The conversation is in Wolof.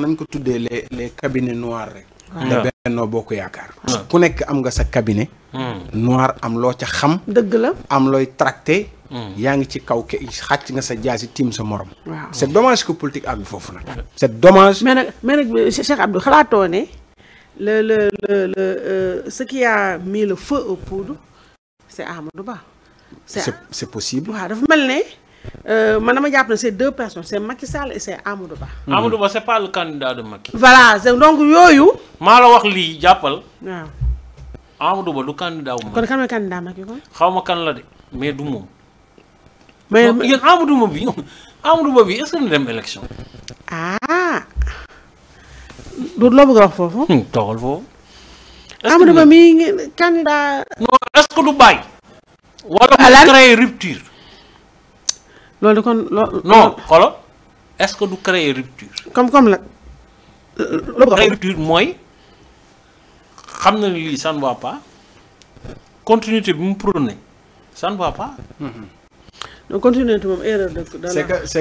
nañ ko tuddee les les cabinets noirs rek. da benno bokk yakar ku nek am nga sa cabinet. Hmm. noir am lo ci xam. deug la am loy tracté. Hmm. yaangi ci kaw ke xàcc nga sa jasi tim sa morom. c'est dommage que politique àgg fofu nag. c'est dommage. mais nak mais nak euh, Cheikh Abdou xalaatoo ne le le le le euh, ce qui a mis le feu aux poudres c'est Amadou Ba. c'est c'est possible. waaw dafa mel ne. Euh, man dama c'est deux personnes c'est Macky Sall et c'est Amadou Ba. Hmm. Amadou Ba c'est pas le candidat de Macky. voilà donc yoyou. maa wax li jàppal. waaw. Amadou Ba le candidat de Macky. kon kan le candidat Macky kon. Xawma kan la dé, mais du moom. mais yéen Amadou Ba bi Amadou Ba bi est ce qu'il dina dem élection. ah. du loo bëgg a wax foofu. Hmm, toogal Amadou Ba mi candidat. non est ce que du bàyyi. wala mu créer rupture non est-ce que créons créer rupture. comme comme la. rupture moy, xam na ça ne va pas continuité bi mu prôner, ça ne va pas. Mm-hmm. donc continuité moom erreur de.